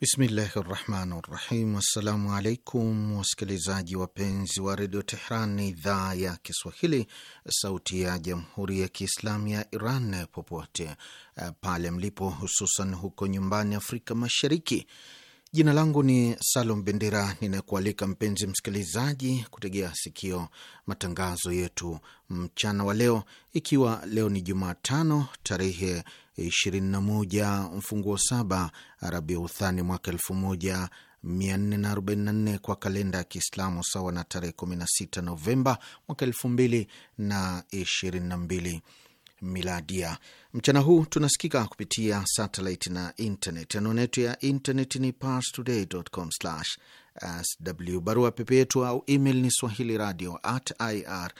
Bismillahi rahmani rahim. Assalamu alaikum wasikilizaji wapenzi wa redio Tehran, ni idhaa ya Kiswahili, sauti ya jamhuri ya kiislamu ya Iran, popote eh, pale mlipo, hususan huko nyumbani Afrika Mashariki. Jina langu ni Salum Bendera, ninakualika mpenzi msikilizaji kutegea sikio matangazo yetu mchana wa leo, ikiwa leo ni Jumatano tarehe 21 mfunguo saba uthani mwaka 1444 kwa kalenda ya Kiislamu, sawa na tarehe 16 Novemba mwaka 2022 miladia. Mchana huu tunasikika kupitia satellite na internet. Anwani yetu ya internet ni parstoday.com/sw. Barua pepe yetu au email ni swahili radio at ir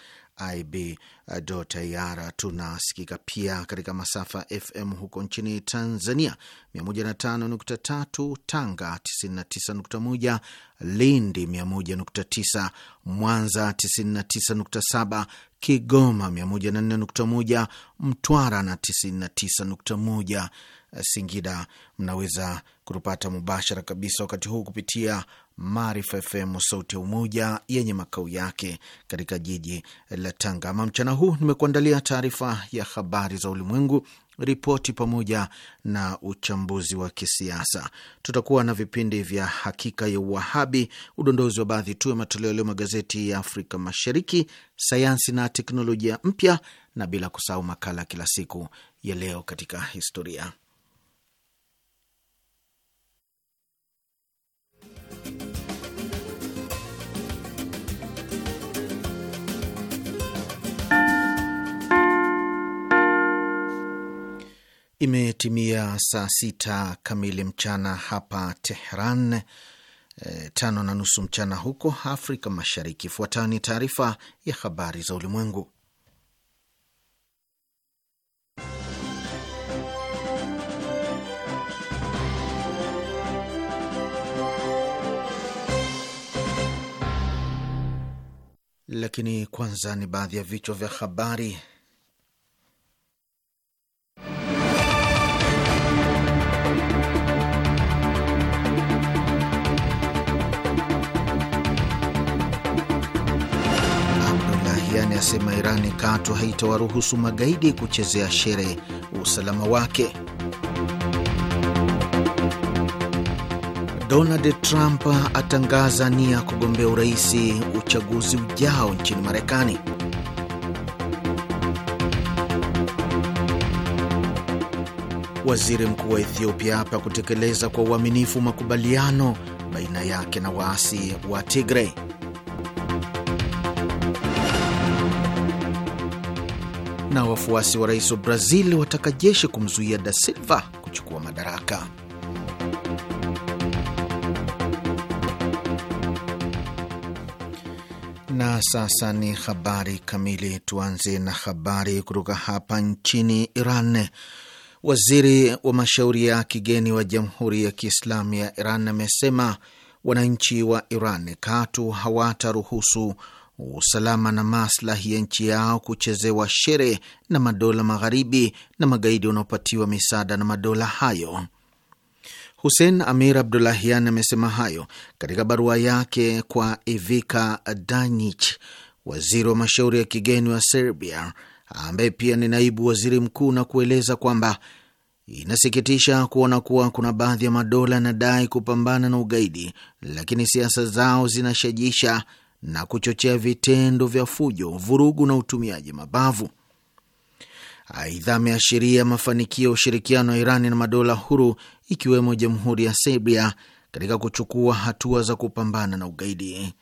IB.ir. Uh, Tunasikika pia katika masafa FM huko nchini Tanzania, 105.3 Tanga, 99.1 Lindi, 101.9 Mwanza, 99.7 Kigoma, 104.1 Mtwara na 99.1 Singida. Mnaweza kutupata mubashara kabisa wakati huu kupitia Maarifa FM sauti ya Umoja yenye makao yake katika jiji la Tanga. Ama mchana huu nimekuandalia taarifa ya habari za ulimwengu, ripoti pamoja na uchambuzi wa kisiasa. Tutakuwa na vipindi vya hakika ya Uwahabi, udondozi wa baadhi tu ya matoleo leo magazeti ya Afrika Mashariki, sayansi na teknolojia mpya, na bila kusahau makala kila siku ya leo katika historia. Imetimia saa sita kamili mchana hapa Tehran, e, tano na nusu mchana huko Afrika Mashariki. ni taarifa ya habari za ulimwengu, lakini kwanza ni baadhi ya vichwa vya habari. Abdulahiani asema Irani katu haitawaruhusu magaidi kuchezea shere usalama wake. Donald Trump atangaza nia kugombea uraisi uchaguzi ujao nchini Marekani. Waziri mkuu wa Ethiopia hapa kutekeleza kwa uaminifu makubaliano baina yake na waasi wa Tigray. Na wafuasi wa rais wa Brazil wataka jeshi kumzuia Da Silva kuchukua madaraka. sasa ni habari kamili. Tuanze na habari kutoka hapa nchini Iran. Waziri wa mashauri ya kigeni wa Jamhuri ya Kiislamu ya Iran amesema wananchi wa Iran katu hawataruhusu usalama na maslahi ya nchi yao kuchezewa shere na madola magharibi na magaidi wanaopatiwa misaada na madola hayo. Hussein Amir Abdulahian amesema hayo katika barua yake kwa Ivica danich waziri wa mashauri ya kigeni wa Serbia, ambaye pia ni naibu waziri mkuu, na kueleza kwamba inasikitisha kuona kuwa kuna baadhi ya madola yanadai kupambana na ugaidi, lakini siasa zao zinashajisha na kuchochea vitendo vya fujo, vurugu na utumiaji mabavu. Aidha, ameashiria mafanikio ya ushirikiano wa Irani na madola huru ikiwemo jamhuri ya Serbia katika kuchukua hatua za kupambana na ugaidi.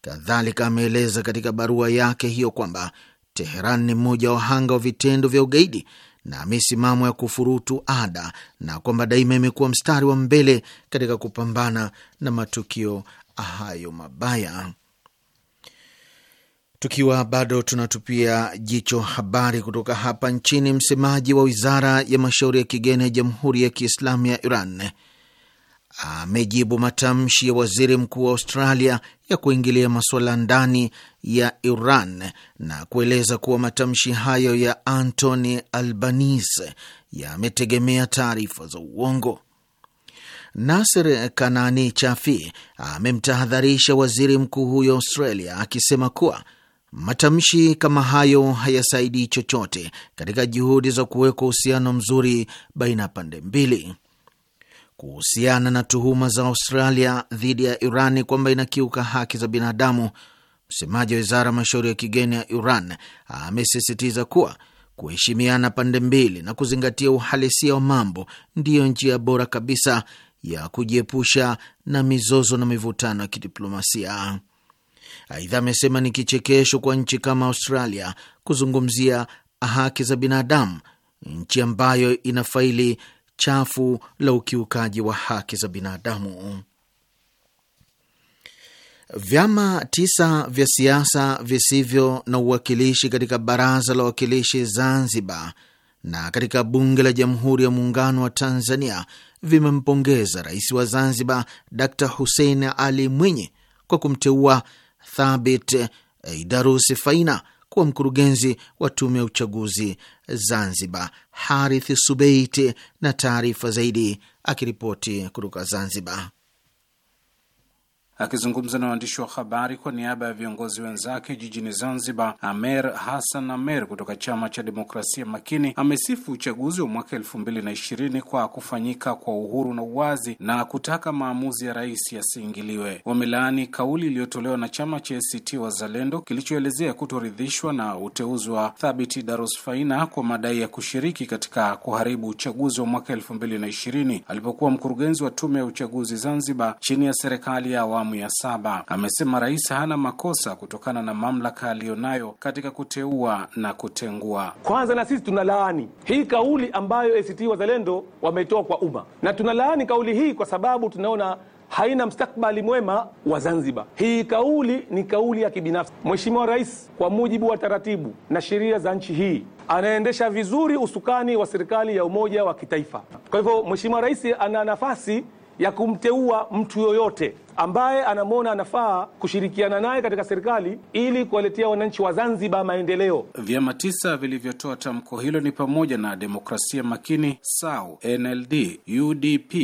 Kadhalika ameeleza katika barua yake hiyo kwamba Teheran ni mmoja wa wahanga wa vitendo vya ugaidi na misimamo ya kufurutu ada na kwamba daima imekuwa mstari wa mbele katika kupambana na matukio hayo mabaya. Tukiwa bado tunatupia jicho habari kutoka hapa nchini, msemaji wa wizara ya mashauri ya kigeni ya Jamhuri ya Kiislamu ya Iran amejibu matamshi ya waziri mkuu wa Australia ya kuingilia masuala ndani ya Iran na kueleza kuwa matamshi hayo ya Anthony Albanese yametegemea taarifa za uongo. naser Kanani Chafi amemtahadharisha waziri mkuu huyo Australia akisema kuwa Matamshi kama hayo hayasaidii chochote katika juhudi za kuwekwa uhusiano mzuri baina ya pande mbili. Kuhusiana na tuhuma za Australia dhidi ya Irani kwamba inakiuka haki za binadamu, msemaji wa wizara ya mashauri ya kigeni ya Iran amesisitiza kuwa kuheshimiana pande mbili na kuzingatia uhalisia wa mambo ndiyo njia bora kabisa ya kujiepusha na mizozo na mivutano ya kidiplomasia. Aidha amesema ni kichekesho kwa nchi kama Australia kuzungumzia haki za binadamu, nchi ambayo ina faili chafu la ukiukaji wa haki za binadamu. Vyama tisa vya siasa visivyo na uwakilishi katika baraza la wawakilishi Zanzibar na katika bunge la Jamhuri ya Muungano wa Tanzania vimempongeza rais wa Zanzibar Dr Hussein Ali Mwinyi kwa kumteua Thabit Idarusi Faina kuwa mkurugenzi wa tume ya uchaguzi Zanzibar, Harith subeit na taarifa zaidi akiripoti kutoka Zanzibar. Akizungumza na waandishi wa habari kwa niaba ya viongozi wenzake jijini Zanzibar, Amer Hassan Amer kutoka chama cha demokrasia makini amesifu uchaguzi wa mwaka elfu mbili na ishirini kwa kufanyika kwa uhuru na uwazi na kutaka maamuzi ya rais yasiingiliwe. Wamelaani kauli iliyotolewa na chama cha ACT Wazalendo kilichoelezea kutoridhishwa na uteuzi wa Thabiti Faina kwa madai ya kushiriki katika kuharibu uchaguzi wa mwaka elfu mbili na ishirini alipokuwa mkurugenzi wa tume ya uchaguzi Zanzibar chini ya serikali ya awamu ya saba. Amesema rais hana makosa kutokana na mamlaka aliyonayo katika kuteua na kutengua. Kwanza na sisi tunalaani hii kauli ambayo ACT Wazalendo wametoa kwa umma, na tunalaani kauli hii kwa sababu tunaona haina mstakbali mwema wa Zanzibar. Hii kauli ni kauli ya kibinafsi. Mheshimiwa Rais, kwa mujibu wa taratibu na sheria za nchi hii, anaendesha vizuri usukani wa serikali ya umoja wa kitaifa. Kwa hivyo, Mheshimiwa Rais ana nafasi ya kumteua mtu yoyote ambaye anamwona anafaa kushirikiana naye katika serikali ili kuwaletea wananchi wa Zanzibar maendeleo. Vyama tisa vilivyotoa tamko hilo ni pamoja na Demokrasia Makini, SAU, NLD, UDP,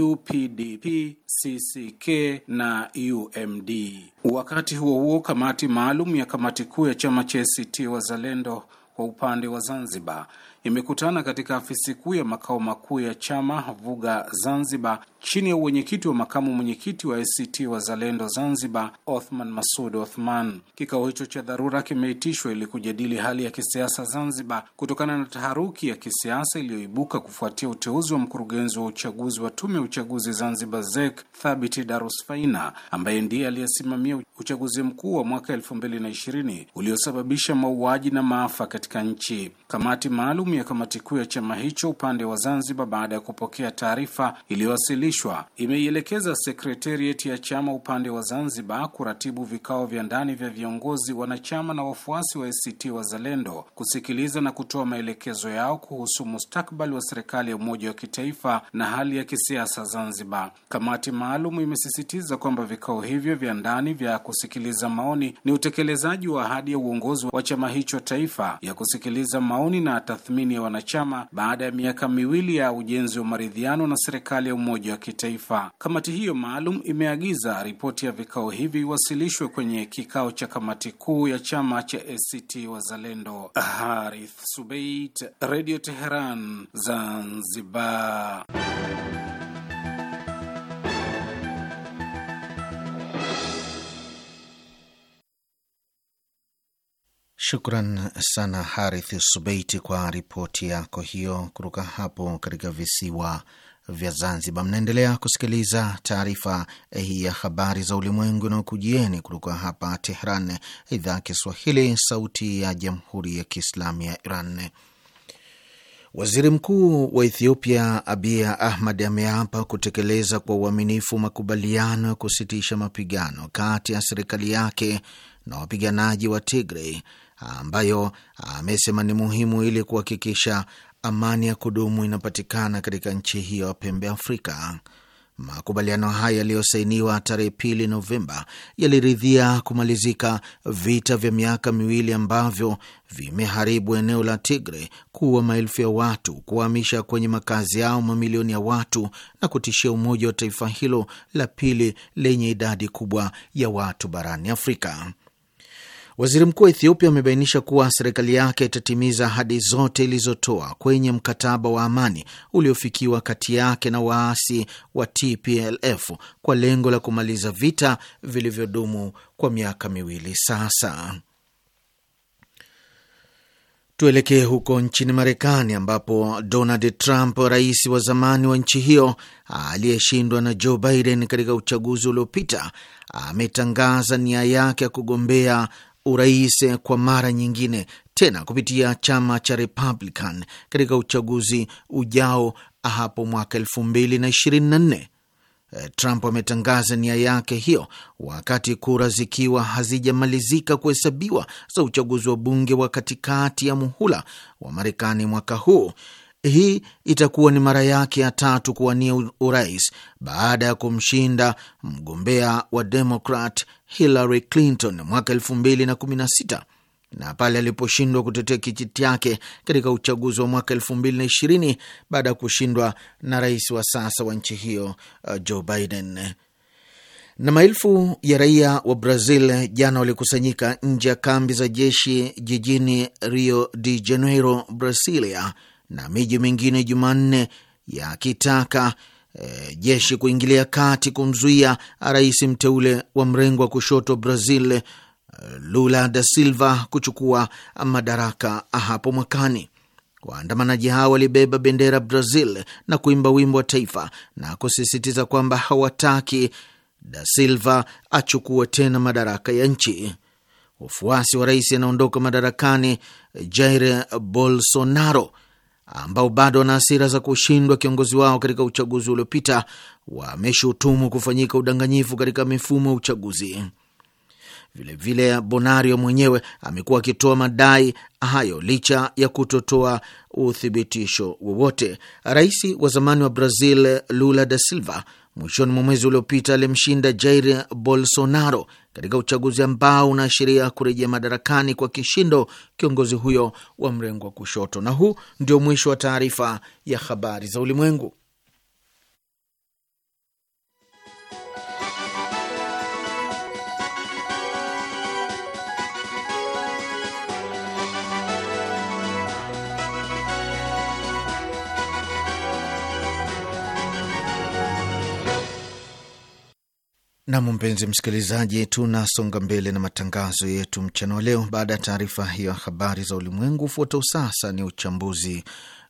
UPDP, CCK na UMD. Wakati huo huo, kamati maalum ya kamati kuu ya chama cha ACT Wazalendo kwa upande wa Zanzibar imekutana katika afisi kuu ya makao makuu ya chama Vuga Zanzibar chini ya uwenyekiti wa makamu mwenyekiti wa ACT Wazalendo Zanzibar, Othman Masud Othman. Kikao hicho cha dharura kimeitishwa ili kujadili hali ya kisiasa Zanzibar kutokana na taharuki ya kisiasa iliyoibuka kufuatia uteuzi wa mkurugenzi wa uchaguzi wa tume ya uchaguzi Zanzibar ZEK Thabiti Darusfaina, ambaye ndiye aliyesimamia uchaguzi mkuu wa mwaka elfu mbili na ishirini uliosababisha mauaji na maafa katika nchi. Kamati maalum ya kamati kuu ya chama hicho upande wa Zanzibar, baada ya kupokea taarifa iliyowasilishwa kukamilishwa, imeielekeza sekretarieti ya chama upande wa Zanzibar kuratibu vikao vya ndani vya viongozi wanachama na wafuasi wa ACT Wazalendo kusikiliza na kutoa maelekezo yao kuhusu mustakbali wa serikali ya umoja wa kitaifa na hali ya kisiasa Zanzibar. Kamati maalum imesisitiza kwamba vikao hivyo vya ndani vya kusikiliza maoni ni utekelezaji wa ahadi ya uongozi wa chama hicho taifa ya kusikiliza maoni na tathmini ya wanachama baada ya miaka miwili ya ujenzi wa maridhiano na serikali ya umoja wa kitaifa. Kamati hiyo maalum imeagiza ripoti ya vikao hivi iwasilishwe kwenye kikao cha kamati kuu ya chama cha ACT Wazalendo. Harith Subeit, Radio Teheran, Zanzibar. Shukran sana Harith Subeiti kwa ripoti yako hiyo kutoka hapo katika visiwa vya Zanzibar. Mnaendelea kusikiliza taarifa eh, hii ya habari za ulimwengu na ukujieni kutoka hapa Tehran, idhaa ya Kiswahili, sauti ya jamhuri ya kiislamu ya Iran. Waziri Mkuu wa Ethiopia Abiy Ahmed ameapa kutekeleza kwa uaminifu makubaliano ya kusitisha mapigano kati ya serikali yake na wapiganaji wa Tigray ambayo amesema ni muhimu ili kuhakikisha amani ya kudumu inapatikana katika nchi hiyo ya pembe Afrika. Makubaliano haya yaliyosainiwa tarehe pili Novemba yaliridhia kumalizika vita vya miaka miwili ambavyo vimeharibu eneo la Tigre, kuua maelfu ya watu, kuwahamisha kwenye makazi yao mamilioni ya watu na kutishia umoja wa taifa hilo la pili lenye idadi kubwa ya watu barani Afrika. Waziri mkuu wa Ethiopia amebainisha kuwa serikali yake itatimiza ahadi zote ilizotoa kwenye mkataba wa amani uliofikiwa kati yake na waasi wa TPLF kwa lengo la kumaliza vita vilivyodumu kwa miaka miwili sasa. Tuelekee huko nchini Marekani ambapo Donald Trump, rais wa zamani wa nchi hiyo aliyeshindwa na Joe Biden katika uchaguzi uliopita, ametangaza nia yake ya kugombea urais kwa mara nyingine tena kupitia chama cha Republican katika uchaguzi ujao hapo mwaka elfu mbili na ishirini na nne. Eh, Trump ametangaza nia yake hiyo wakati kura zikiwa hazijamalizika kuhesabiwa za uchaguzi wa bunge wa katikati ya muhula wa Marekani mwaka huu. Hii itakuwa ni mara yake ya tatu kuwania urais baada ya kumshinda mgombea wa Demokrat Hillary Clinton mwaka elfu mbili na kumi na sita na pale aliposhindwa kutetea kijiti yake katika uchaguzi wa mwaka elfu mbili na ishirini baada ya kushindwa na rais wa sasa wa nchi hiyo uh, Joe Biden. Na maelfu ya raia wa Brazil jana walikusanyika nje ya kambi za jeshi jijini Rio de Janeiro, Brasilia, na miji mingine Jumanne yakitaka E, jeshi kuingilia kati kumzuia rais mteule wa mrengo wa kushoto Brazil e, Lula da Silva kuchukua madaraka hapo mwakani. Waandamanaji hao walibeba bendera Brazil na kuimba wimbo wa taifa na kusisitiza kwamba hawataki da Silva achukue tena madaraka ya nchi. Wafuasi wa rais anaondoka madarakani Jair Bolsonaro ambao bado wana hasira za kushindwa kiongozi wao katika uchaguzi uliopita wameshutumu kufanyika udanganyifu katika mifumo ya uchaguzi. Vilevile, Bonario mwenyewe amekuwa akitoa madai hayo licha ya kutotoa uthibitisho wowote. Rais wa zamani wa Brazil Lula da Silva mwishoni mwa mwezi uliopita alimshinda Jair Bolsonaro katika uchaguzi ambao unaashiria kurejea madarakani kwa kishindo kiongozi huyo wa mrengo wa kushoto. Na huu ndio mwisho wa taarifa ya habari za ulimwengu. Nam, mpenzi msikilizaji, tunasonga mbele na matangazo yetu mchana wa leo. Baada ya taarifa hiyo habari za ulimwengu, ufuata sasa ni uchambuzi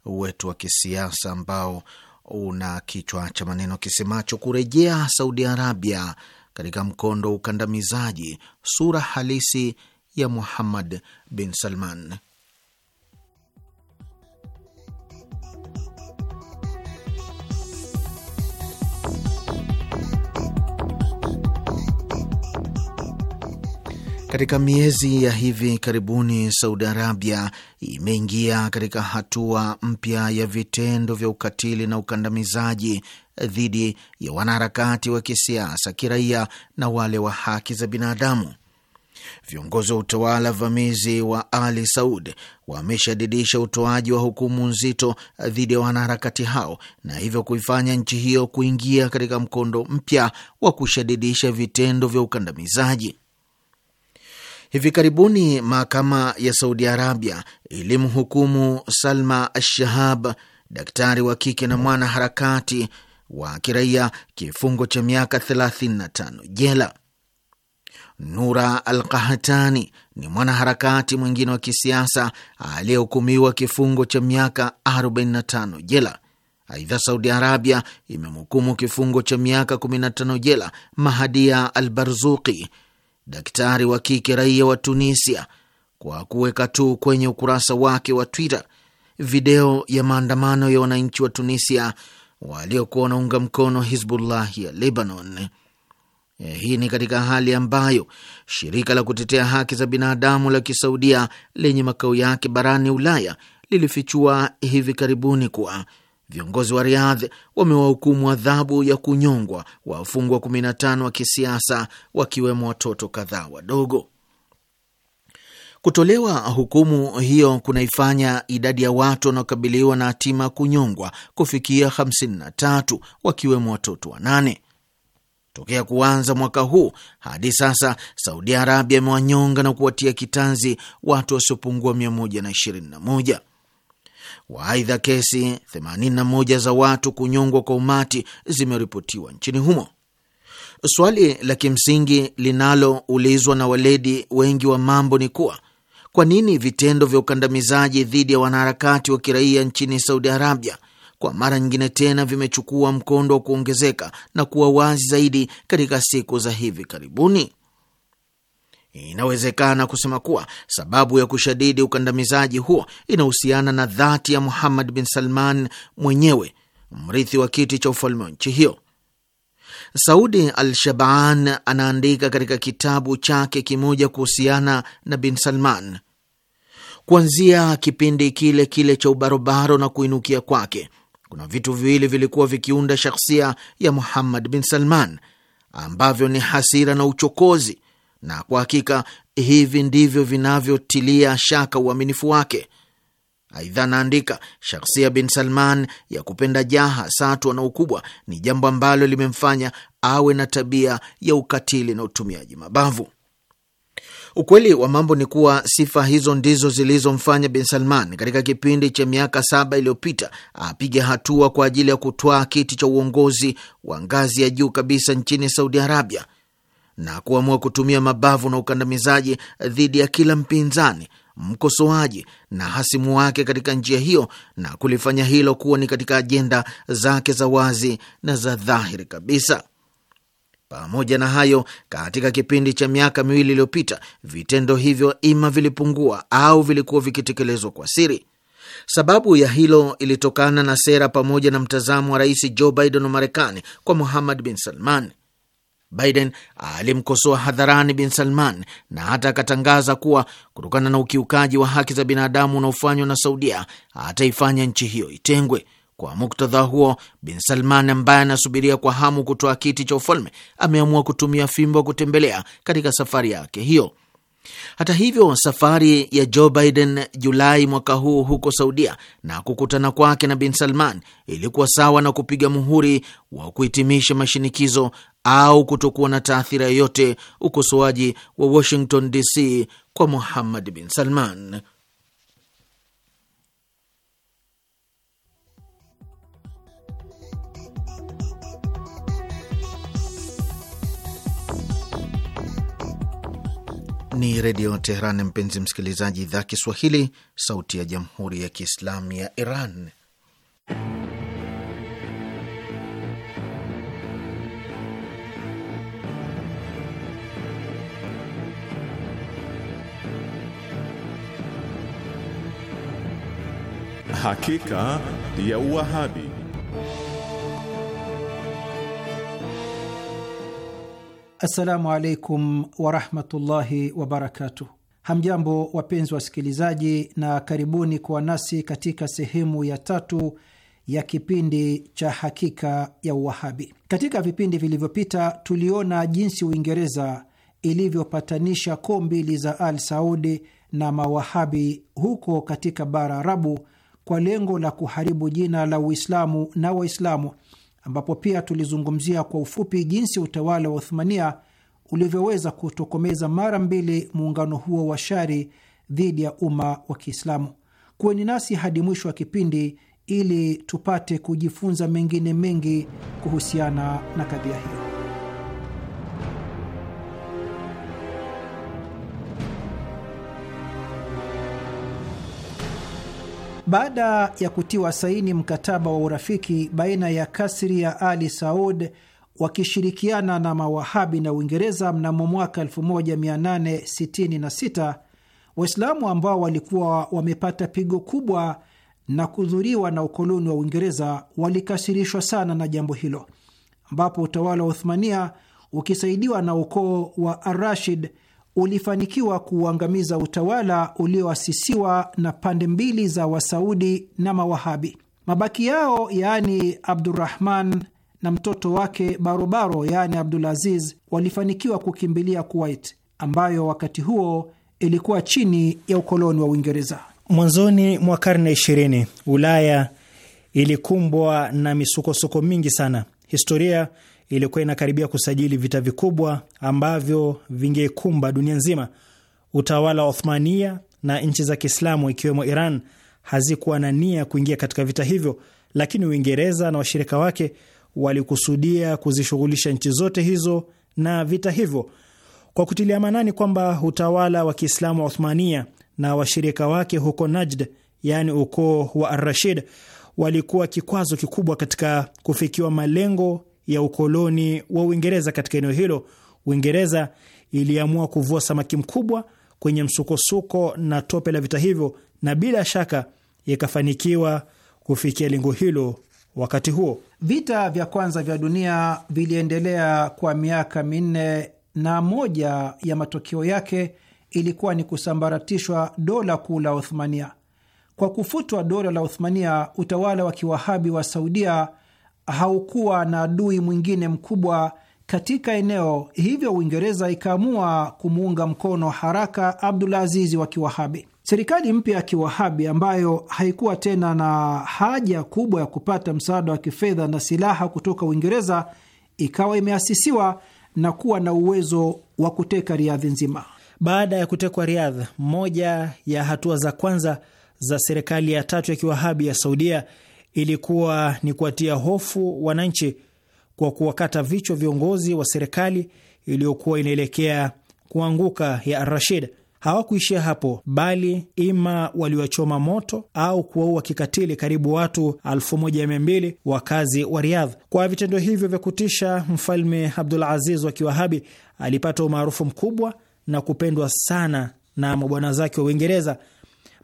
wetu wa kisiasa ambao una kichwa cha maneno kisemacho kurejea Saudi Arabia katika mkondo wa ukandamizaji, sura halisi ya Muhammad bin Salman. Katika miezi ya hivi karibuni Saudi Arabia imeingia katika hatua mpya ya vitendo vya ukatili na ukandamizaji dhidi ya wanaharakati wa kisiasa, kiraia na wale wa haki za binadamu. Viongozi wa utawala vamizi wa Ali Saud wameshadidisha utoaji wa hukumu nzito dhidi ya wanaharakati hao na hivyo kuifanya nchi hiyo kuingia katika mkondo mpya wa kushadidisha vitendo vya ukandamizaji. Hivi karibuni mahakama ya Saudi Arabia ilimhukumu Salma Ashahab, daktari wa kike na mwanaharakati wa kiraia, kifungo cha miaka 35 jela. Nura Al Qahatani ni mwanaharakati mwingine wa kisiasa aliyehukumiwa kifungo cha miaka 45 jela. Aidha, Saudi Arabia imemhukumu kifungo cha miaka 15 jela Mahadia Al Barzuki, daktari wa kike raia wa Tunisia kwa kuweka tu kwenye ukurasa wake wa Twitter video ya maandamano ya wananchi wa Tunisia waliokuwa wanaunga mkono Hizbullah ya Lebanon. Eh, hii ni katika hali ambayo shirika la kutetea haki za binadamu la Kisaudia lenye makao yake barani Ulaya lilifichua hivi karibuni kuwa Viongozi wa riadh wamewahukumu adhabu ya kunyongwa wafungwa 15 wa kisiasa wakiwemo watoto kadhaa wadogo. Kutolewa hukumu hiyo kunaifanya idadi ya watu wanaokabiliwa na hatima ya kunyongwa kufikia 53 wakiwemo watoto wanane. Tokea kuanza mwaka huu hadi sasa, Saudi Arabia imewanyonga na kuwatia kitanzi watu wasiopungua 121. Waaidha, kesi 81 za watu kunyongwa kwa umati zimeripotiwa nchini humo. Swali la kimsingi linaloulizwa na waledi wengi wa mambo ni kuwa kwa nini vitendo vya ukandamizaji dhidi ya wanaharakati wa kiraia nchini Saudi Arabia kwa mara nyingine tena vimechukua mkondo wa kuongezeka na kuwa wazi zaidi katika siku za hivi karibuni? Inawezekana kusema kuwa sababu ya kushadidi ukandamizaji huo inahusiana na dhati ya Muhammad bin Salman mwenyewe, mrithi wa kiti cha ufalme wa nchi hiyo. Saudi Al-Shaban anaandika katika kitabu chake kimoja kuhusiana na bin Salman: kuanzia kipindi kile kile cha ubarobaro na kuinukia kwake, kuna vitu viwili vilikuwa vikiunda shakhsia ya Muhammad bin Salman ambavyo ni hasira na uchokozi na kwa hakika hivi ndivyo vinavyotilia shaka uaminifu wake. Aidha anaandika, shakhsia bin Salman ya kupenda jaha, satwa na ukubwa ni jambo ambalo limemfanya awe na tabia ya ukatili na utumiaji mabavu. Ukweli wa mambo ni kuwa sifa hizo ndizo zilizomfanya bin Salman katika kipindi cha miaka saba iliyopita apige hatua kwa ajili ya kutwaa kiti cha uongozi wa ngazi ya juu kabisa nchini Saudi Arabia na kuamua kutumia mabavu na ukandamizaji dhidi ya kila mpinzani, mkosoaji na hasimu wake katika njia hiyo, na kulifanya hilo kuwa ni katika ajenda zake za wazi na za dhahiri kabisa. Pamoja na hayo, katika kipindi cha miaka miwili iliyopita, vitendo hivyo ima vilipungua au vilikuwa vikitekelezwa kwa siri. Sababu ya hilo ilitokana na sera pamoja na mtazamo wa Rais Joe Biden wa Marekani kwa Muhammad bin Salman. Biden alimkosoa hadharani Bin Salman na hata akatangaza kuwa kutokana na ukiukaji wa haki za binadamu unaofanywa na Saudia ataifanya nchi hiyo itengwe. Kwa muktadha huo, Bin Salman ambaye anasubiria kwa hamu kutoa kiti cha ufalme ameamua kutumia fimbo kutembelea katika safari yake hiyo. Hata hivyo, safari ya Joe Biden Julai mwaka huu huko Saudia na kukutana kwake na Bin Salman ilikuwa sawa na kupiga muhuri wa kuhitimisha mashinikizo au kutokuwa na taathira yoyote ukosoaji wa Washington DC kwa Muhammad bin Salman. Ni Redio Teheran, mpenzi msikilizaji, idhaa Kiswahili, sauti ya Jamhuri ya Kiislamu ya Iran. Hakika ya Uwahabi. Assalamu alaikum warahmatullahi wabarakatuh. Hamjambo wapenzi wasikilizaji, na karibuni kuwa nasi katika sehemu ya tatu ya kipindi cha Hakika ya Uwahabi. Katika vipindi vilivyopita, tuliona jinsi Uingereza ilivyopatanisha koo mbili za Al Saudi na Mawahabi huko katika bara Arabu kwa lengo la kuharibu jina la Uislamu na Waislamu, ambapo pia tulizungumzia kwa ufupi jinsi utawala wa Uthmania ulivyoweza kutokomeza mara mbili muungano huo wa shari dhidi ya umma wa Kiislamu. Kuweni nasi hadi mwisho wa kipindi ili tupate kujifunza mengine mengi kuhusiana na kadhia hiyo. Baada ya kutiwa saini mkataba wa urafiki baina ya kasri ya Ali Saud wakishirikiana na Mawahabi na Uingereza mnamo mwaka 1866 Waislamu ambao walikuwa wamepata pigo kubwa na kudhuriwa na ukoloni wa Uingereza walikasirishwa sana na jambo hilo, ambapo utawala wa Uthmania ukisaidiwa na ukoo wa Arashid ulifanikiwa kuuangamiza utawala ulioasisiwa na pande mbili za Wasaudi na Mawahabi. Mabaki yao yaani Abdurrahman na mtoto wake Barobaro yaani Abdulaziz walifanikiwa kukimbilia Kuwait ambayo wakati huo ilikuwa chini ya ukoloni wa Uingereza. Mwanzoni mwa karne 20 Ulaya ilikumbwa na misukosuko mingi sana. Historia ilikuwa inakaribia kusajili vita vikubwa ambavyo vingeikumba dunia nzima. Utawala wa Othmania na nchi za Kiislamu ikiwemo Iran hazikuwa na nia kuingia katika vita hivyo, lakini Uingereza na washirika wake walikusudia kuzishughulisha nchi zote hizo na vita hivyo, kwa kutilia maanani kwamba utawala wa Kiislamu wa Othmania na washirika wake huko Najd, yaani ukoo wa Arrashid, walikuwa kikwazo kikubwa katika kufikiwa malengo ya ukoloni wa Uingereza katika eneo hilo, Uingereza iliamua kuvua samaki mkubwa kwenye msukosuko na tope la vita hivyo, na bila shaka ikafanikiwa kufikia lengo hilo. Wakati huo vita vya kwanza vya dunia viliendelea kwa miaka minne, na moja ya matokeo yake ilikuwa ni kusambaratishwa dola kuu la Othmania. Kwa kufutwa dola la Othmania, utawala wa kiwahabi wa Saudia haukuwa na adui mwingine mkubwa katika eneo hivyo, Uingereza ikaamua kumuunga mkono haraka Abdulazizi wa Kiwahabi. Serikali mpya ya Kiwahabi ambayo haikuwa tena na haja kubwa ya kupata msaada wa kifedha na silaha kutoka Uingereza ikawa imeasisiwa na kuwa na uwezo wa kuteka Riadhi nzima. Baada ya kutekwa riadha moja ya hatua za kwanza za serikali ya tatu ya Kiwahabi ya Saudia ilikuwa ni kuwatia hofu wananchi kwa kuwakata vichwa viongozi wa serikali iliyokuwa inaelekea kuanguka ya Rashid. Hawakuishia hapo, bali ima waliwachoma moto au kuwaua kikatili karibu watu 1200 wakazi wa Riadh. Kwa vitendo hivyo vya kutisha, mfalme Abdul Aziz wa Kiwahabi alipata umaarufu mkubwa na kupendwa sana na mabwana zake wa Uingereza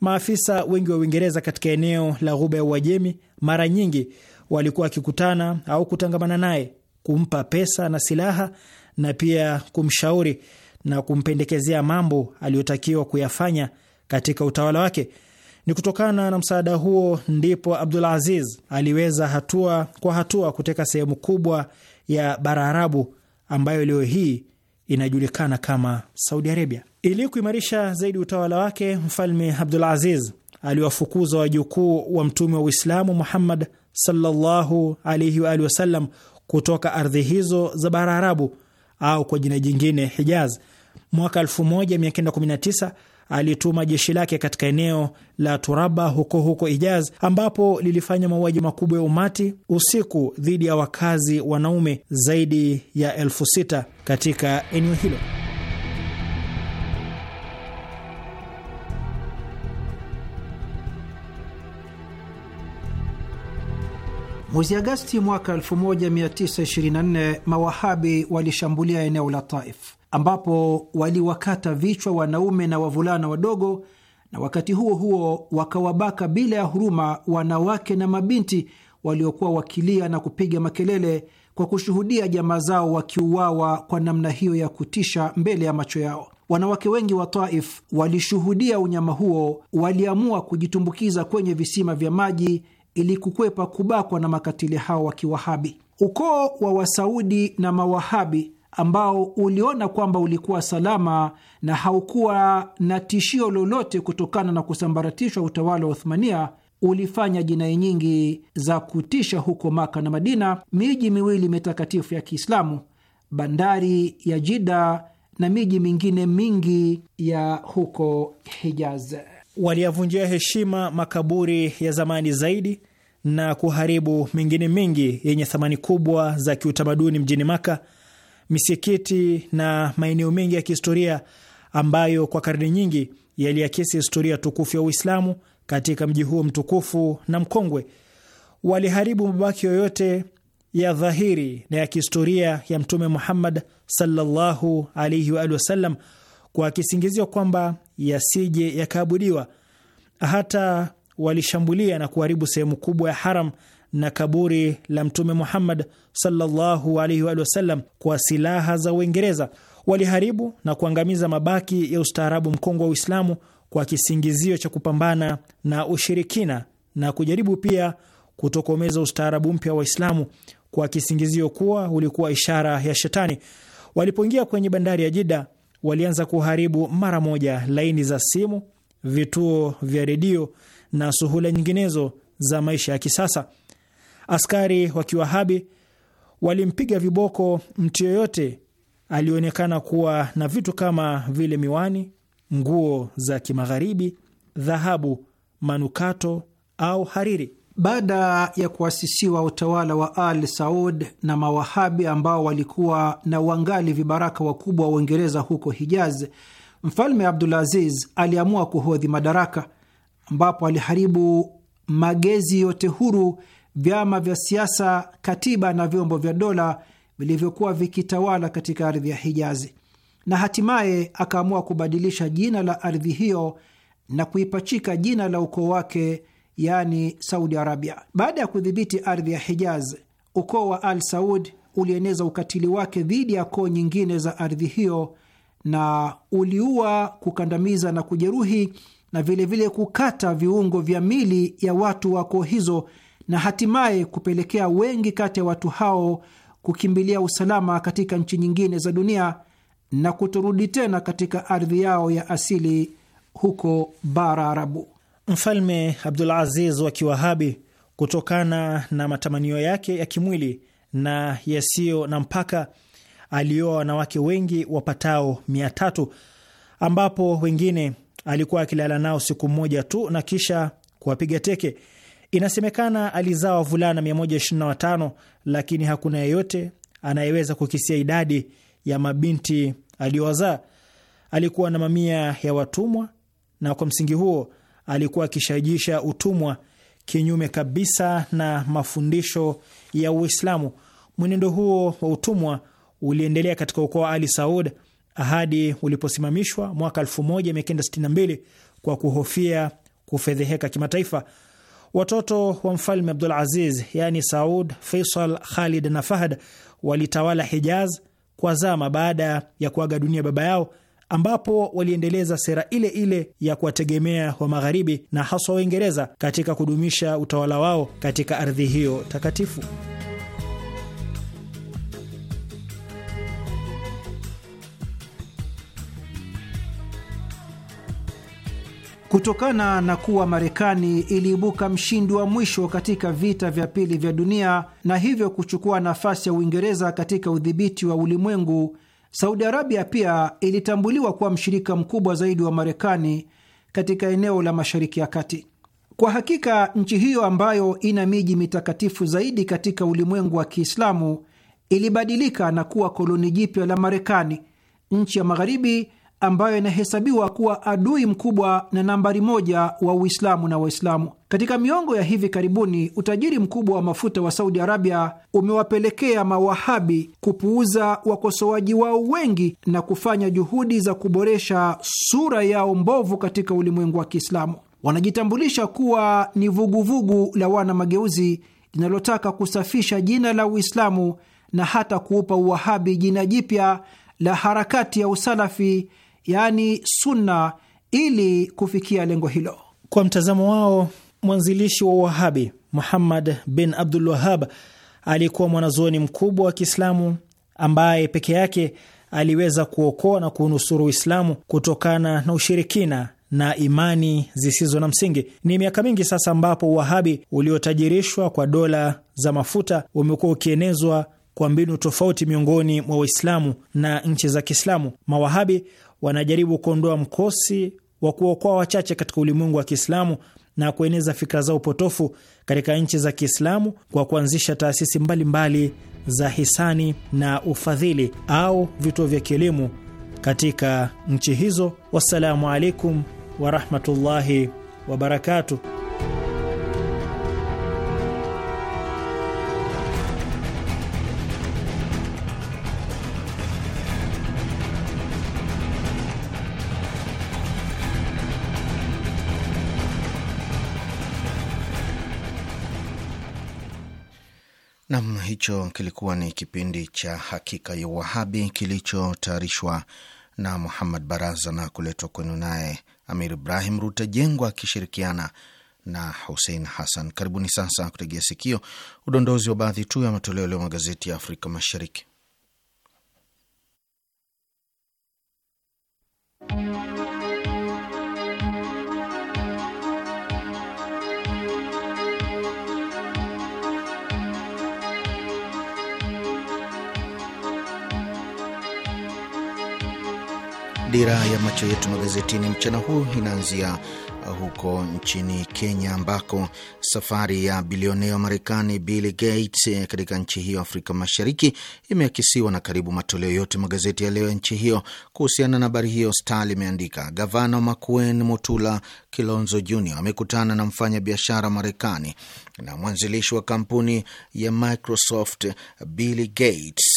Maafisa wengi wa Uingereza katika eneo la Ghuba ya Uajemi mara nyingi walikuwa wakikutana au kutangamana naye, kumpa pesa na silaha, na pia kumshauri na kumpendekezea mambo aliyotakiwa kuyafanya katika utawala wake. Ni kutokana na msaada huo ndipo Abdul Aziz aliweza hatua kwa hatua kuteka sehemu kubwa ya bara Arabu ambayo leo hii inajulikana kama Saudi Arabia. Ili kuimarisha zaidi utawala wake, mfalme Abdul Aziz aliwafukuza wajukuu wa mtume wa Uislamu Muhammad sallallahu alaihi wa alihi wasallam kutoka ardhi hizo za bara Arabu au kwa jina jingine Hijaz. Mwaka 1919 alituma jeshi lake katika eneo la Turaba huko huko Hijaz, ambapo lilifanya mauaji makubwa ya umati usiku dhidi ya wakazi wanaume zaidi ya elfu sita katika eneo hilo. Mwezi Agasti mwaka 1924 Mawahabi walishambulia eneo la Taif ambapo waliwakata vichwa wanaume na wavulana wadogo, na wakati huo huo wakawabaka bila ya huruma wanawake na mabinti waliokuwa wakilia na kupiga makelele kwa kushuhudia jamaa zao wakiuawa kwa namna hiyo ya kutisha mbele ya macho yao. Wanawake wengi wa Taif walishuhudia unyama huo, waliamua kujitumbukiza kwenye visima vya maji ili kukwepa kubakwa na makatili hao wa Kiwahabi. Ukoo wa Wasaudi na Mawahabi ambao uliona kwamba ulikuwa salama na haukuwa na tishio lolote kutokana na kusambaratishwa utawala wa Uthmania ulifanya jinai nyingi za kutisha huko Maka na Madina, miji miwili mitakatifu ya Kiislamu, bandari ya Jida na miji mingine mingi ya huko Hijaz. Waliyavunjia heshima makaburi ya zamani zaidi na kuharibu mengine mengi yenye thamani kubwa za kiutamaduni mjini Maka, misikiti na maeneo mengi ya kihistoria ambayo kwa karne nyingi yaliakisi historia tukufu ya Uislamu katika mji huo mtukufu na mkongwe. Waliharibu mabaki yoyote ya dhahiri na ya kihistoria ya Mtume Muhammad sallallahu alaihi wa alihi wasallam kwa kisingizio kwamba yasije yakaabudiwa. Hata walishambulia na kuharibu sehemu kubwa ya haram na kaburi la Mtume Muhammad sallallahu alaihi wa sallam kwa silaha za Uingereza. Waliharibu na kuangamiza mabaki ya ustaarabu mkongwe wa Uislamu kwa kisingizio cha kupambana na ushirikina na kujaribu pia kutokomeza ustaarabu mpya wa Waislamu kwa kisingizio kuwa ulikuwa ishara ya shetani. Walipoingia kwenye bandari ya Jida, walianza kuharibu mara moja laini za simu, vituo vya redio na suhula nyinginezo za maisha ya kisasa. Askari wa kiwahabi walimpiga viboko mtu yoyote alionekana kuwa na vitu kama vile miwani, nguo za kimagharibi, dhahabu, manukato au hariri. Baada ya kuasisiwa utawala wa Al Saud na Mawahabi ambao walikuwa na wangali vibaraka wakubwa wa Uingereza huko Hijaz, Mfalme Abdulaziz aliamua kuhodhi madaraka ambapo aliharibu magezi yote huru, vyama vya siasa, katiba na vyombo vya dola vilivyokuwa vikitawala katika ardhi ya Hijazi, na hatimaye akaamua kubadilisha jina la ardhi hiyo na kuipachika jina la ukoo wake, yaani Saudi Arabia. Baada ya kudhibiti ardhi ya Hijaz, ukoo wa Al Saud ulieneza ukatili wake dhidi ya koo nyingine za ardhi hiyo na uliua, kukandamiza na kujeruhi na vilevile vile kukata viungo vya mili ya watu wa koo hizo na hatimaye kupelekea wengi kati ya watu hao kukimbilia usalama katika nchi nyingine za dunia na kutorudi tena katika ardhi yao ya asili huko bara Arabu. Mfalme Abdul Aziz wa Kiwahabi, kutokana na matamanio yake ya kimwili na yasiyo na mpaka, alioa wanawake wengi wapatao mia tatu ambapo wengine alikuwa akilala nao siku moja tu na kisha kuwapiga teke. Inasemekana alizaa wavulana 125 lakini hakuna yeyote anayeweza kukisia idadi ya mabinti aliyowazaa. Alikuwa na mamia ya watumwa, na kwa msingi huo alikuwa akishajisha utumwa kinyume kabisa na mafundisho ya Uislamu. Mwenendo huo wa utumwa uliendelea katika ukoo wa Ali Saud hadi uliposimamishwa mwaka 1962 kwa kuhofia kufedheheka kimataifa. Watoto wa mfalme Abdul Aziz, yaani Saud, Faisal, Khalid na Fahad walitawala Hijaz kwa zama baada ya kuaga dunia baba yao, ambapo waliendeleza sera ile ile ya kuwategemea wa Magharibi na haswa Waingereza katika kudumisha utawala wao katika ardhi hiyo takatifu. Kutokana na kuwa Marekani iliibuka mshindi wa mwisho katika vita vya pili vya dunia na hivyo kuchukua nafasi ya Uingereza katika udhibiti wa ulimwengu, Saudi Arabia pia ilitambuliwa kuwa mshirika mkubwa zaidi wa Marekani katika eneo la Mashariki ya Kati. Kwa hakika nchi hiyo ambayo ina miji mitakatifu zaidi katika ulimwengu wa Kiislamu ilibadilika na kuwa koloni jipya la Marekani, nchi ya magharibi ambayo inahesabiwa kuwa adui mkubwa na nambari moja wa Uislamu na Waislamu. Katika miongo ya hivi karibuni, utajiri mkubwa wa mafuta wa Saudi Arabia umewapelekea mawahabi kupuuza wakosoaji wao wengi na kufanya juhudi za kuboresha sura yao mbovu katika ulimwengu wa Kiislamu. Wanajitambulisha kuwa ni vuguvugu la wana mageuzi linalotaka kusafisha jina la Uislamu na hata kuupa uwahabi jina jipya la harakati ya usalafi yani Sunna, ili kufikia lengo hilo. Kwa mtazamo wao, mwanzilishi wa Wahabi Muhammad bin Abdul Wahab alikuwa mwanazuoni mkubwa wa Kiislamu ambaye peke yake aliweza kuokoa na kuunusuru Uislamu kutokana na ushirikina na imani zisizo na msingi. Ni miaka mingi sasa ambapo Uwahabi uliotajirishwa kwa dola za mafuta umekuwa ukienezwa kwa mbinu tofauti miongoni mwa Waislamu na nchi za Kiislamu. Mawahabi wanajaribu kuondoa mkosi wa kuokoa wachache katika ulimwengu wa Kiislamu na kueneza fikra zao potofu katika nchi za Kiislamu kwa kuanzisha taasisi mbalimbali mbali za hisani na ufadhili au vituo vya kielimu katika nchi hizo. Wassalamu alaikum warahmatullahi wabarakatuh. hicho kilikuwa ni kipindi cha Hakika ya Uwahabi kilichotayarishwa na Muhammad Baraza na kuletwa kwenu naye Amir Ibrahim Rutajengwa akishirikiana na Husein Hassan. Karibuni sasa kutegea sikio udondozi wa baadhi tu ya matoleo leo magazeti ya Afrika Mashariki. Dira ya macho yetu magazetini mchana huu inaanzia uh, huko nchini Kenya, ambako safari ya bilionea wa Marekani Bill Gates eh, katika nchi hiyo Afrika Mashariki imeakisiwa na karibu matoleo yote magazeti ya leo ya nchi hiyo. Kuhusiana na habari hiyo, Star limeandika gavana wa Makueni Mutula Kilonzo Jr amekutana na mfanya biashara Marekani na mwanzilishi wa kampuni ya Microsoft Bill Gates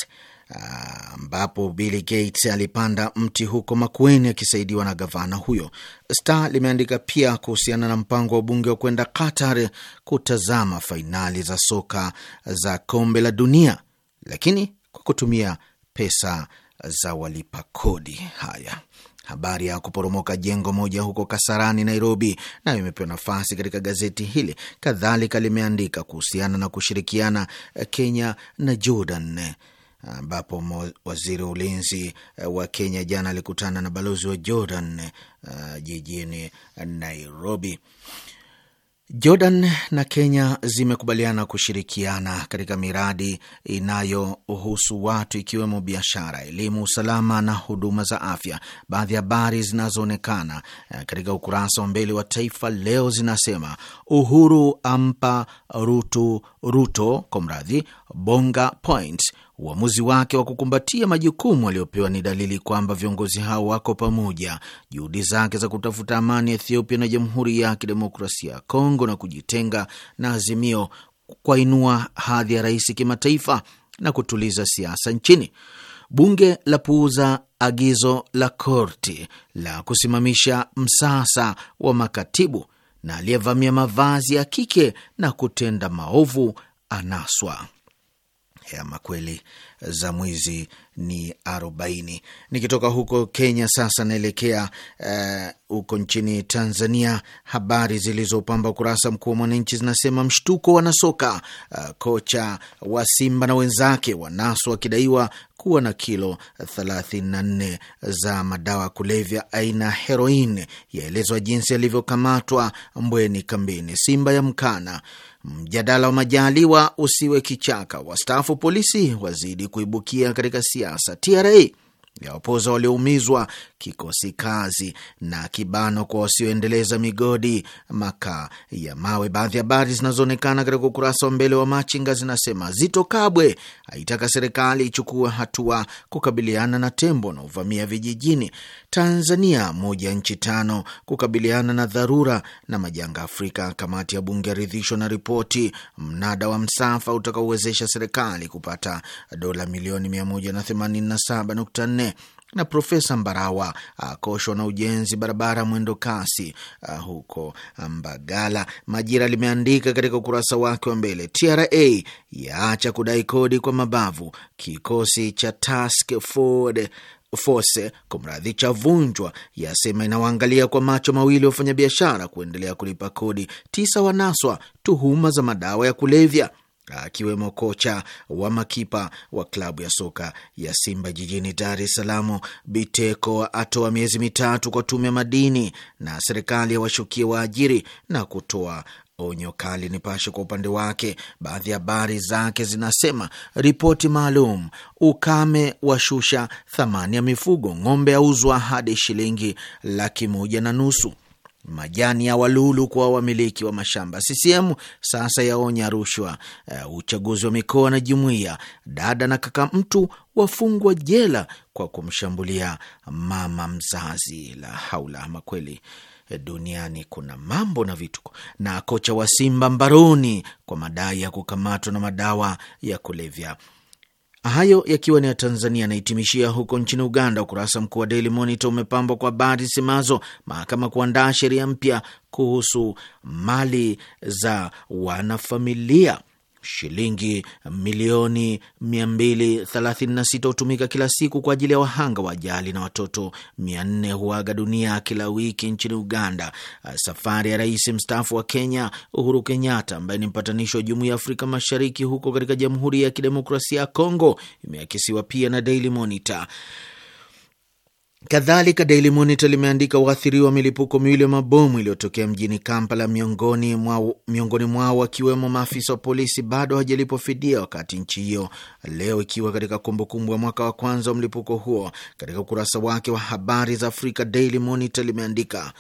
ambapo Bill Gates alipanda mti huko Makueni akisaidiwa na gavana huyo. Star limeandika pia kuhusiana na mpango wa bunge wa kwenda Qatar kutazama fainali za soka za kombe la dunia, lakini kwa kutumia pesa za walipa kodi. Haya, habari ya kuporomoka jengo moja huko Kasarani, Nairobi, nayo imepewa nafasi katika gazeti hili. Kadhalika limeandika kuhusiana na kushirikiana Kenya na Jordan ambapo waziri wa ulinzi eh, wa Kenya jana alikutana na balozi wa Jordan uh, jijini Nairobi. Jordan na Kenya zimekubaliana kushirikiana katika miradi inayohusu watu ikiwemo biashara, elimu, usalama na huduma za afya. Baadhi ya habari zinazoonekana eh, katika ukurasa wa mbele wa Taifa Leo zinasema Uhuru ampa Ruto, Ruto kwa mradhi bonga point Uamuzi wake wa kukumbatia majukumu aliyopewa ni dalili kwamba viongozi hao wako pamoja. Juhudi zake za kutafuta amani Ethiopia na Jamhuri ya Kidemokrasia ya Kongo na kujitenga na Azimio kwainua hadhi ya rais kimataifa na kutuliza siasa nchini. Bunge la puuza agizo la korti la kusimamisha msasa wa makatibu, na aliyevamia mavazi ya kike na kutenda maovu anaswa ya makweli za mwizi ni arobaini. Nikitoka huko Kenya sasa naelekea eh, huko uh, nchini Tanzania. Habari zilizopamba ukurasa mkuu wa Mwananchi zinasema mshtuko wanasoka uh, eh, kocha wa Simba na wenzake wanaswa wakidaiwa kuwa na kilo 34 za madawa ya kulevya aina ya heroin. Yaelezwa jinsi yalivyokamatwa Mbweni kambini Simba ya Mkana. Mjadala wa Majaliwa usiwe kichaka, wastaafu polisi wazidi kuibukia katika siasa. TRA yawapoza walioumizwa, kikosi kazi na kibano kwa wasioendeleza migodi, makaa ya mawe. Baadhi ya habari zinazoonekana katika ukurasa wa mbele wa Machinga zinasema Zito Kabwe aitaka serikali ichukue hatua kukabiliana na tembo na uvamia vijijini. Tanzania moja ya nchi tano kukabiliana na dharura na majanga Afrika. Kamati ya bunge yaridhishwa na ripoti mnada wa msafa utakaowezesha serikali kupata dola milioni 187.4 nne na Profesa Mbarawa akoshwa ah, na ujenzi barabara mwendo kasi ah, huko ah, Mbagala. Majira limeandika katika ukurasa wake wa mbele, TRA yaacha kudai kodi kwa mabavu, kikosi cha Task Force kumradhi cha vunjwa yasema inawaangalia kwa macho mawili wafanyabiashara kuendelea kulipa kodi. Tisa wanaswa tuhuma za madawa ya kulevya akiwemo kocha wa makipa wa klabu ya soka ya Simba jijini Dar es Salaam. Biteko atoa miezi mitatu kwa tume ya madini na serikali ya washukia waajiri na kutoa onyo kali. Nipashe kwa upande wake, baadhi ya habari zake zinasema: ripoti maalum, ukame washusha thamani ya mifugo, ng'ombe auzwa hadi shilingi laki moja na nusu majani ya walulu kwa wamiliki wa mashamba. CCM sasa yaonya rushwa. Uh, uchaguzi wa mikoa na jumuiya. Dada na kaka mtu wafungwa jela kwa kumshambulia mama mzazi. La haula, ama kweli eh, duniani kuna mambo na vitu Na kocha wa Simba mbaroni kwa madai ya kukamatwa na madawa ya kulevya. Hayo yakiwa ni ya Tanzania. Anahitimishia huko nchini Uganda. Ukurasa mkuu wa Daily Monitor umepambwa kwa habari zisemazo mahakama kuandaa sheria mpya kuhusu mali za wanafamilia shilingi milioni 236 hutumika kila siku kwa ajili ya wahanga wa ajali na watoto 400 huaga dunia kila wiki nchini Uganda. Ah, safari ya rais mstaafu wa Kenya Uhuru Kenyatta, ambaye ni mpatanishi wa Jumuiya ya Afrika Mashariki huko katika Jamhuri ya Kidemokrasia ya Kongo, imeakisiwa pia na Daily Monitor. Kadhalika, Daily Monitor limeandika waathiriwa wa milipuko miwili ya mabomu iliyotokea mjini Kampala, miongoni mwao miongoni mwao wakiwemo maafisa wa polisi bado hawajalipwa fidia, wakati nchi hiyo leo ikiwa katika kumbukumbu ya mwaka wa kwanza wa mlipuko huo. Katika ukurasa wake wa habari za Afrika, Daily Monitor limeandika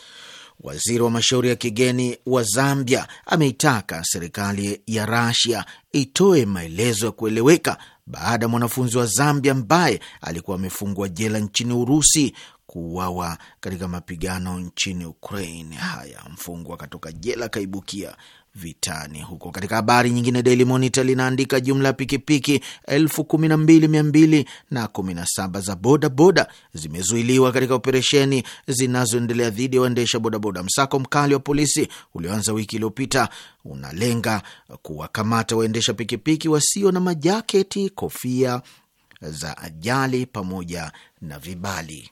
Waziri wa mashauri ya kigeni wa Zambia ameitaka serikali ya Rasia itoe maelezo ya kueleweka baada ya mwanafunzi wa Zambia ambaye alikuwa amefungwa jela nchini Urusi kuuawa katika mapigano nchini Ukraine. Haya, mfungwa akatoka jela akaibukia vitani huko. Katika habari nyingine, Daily Monitor linaandika jumla ya pikipiki elfu kumi na mbili mia mbili na kumi na saba za bodaboda zimezuiliwa katika operesheni zinazoendelea dhidi ya waendesha bodaboda. Msako mkali wa polisi ulioanza wiki iliyopita unalenga kuwakamata waendesha pikipiki wasio na majaketi, kofia za ajali pamoja na vibali